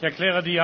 Ich erkläre die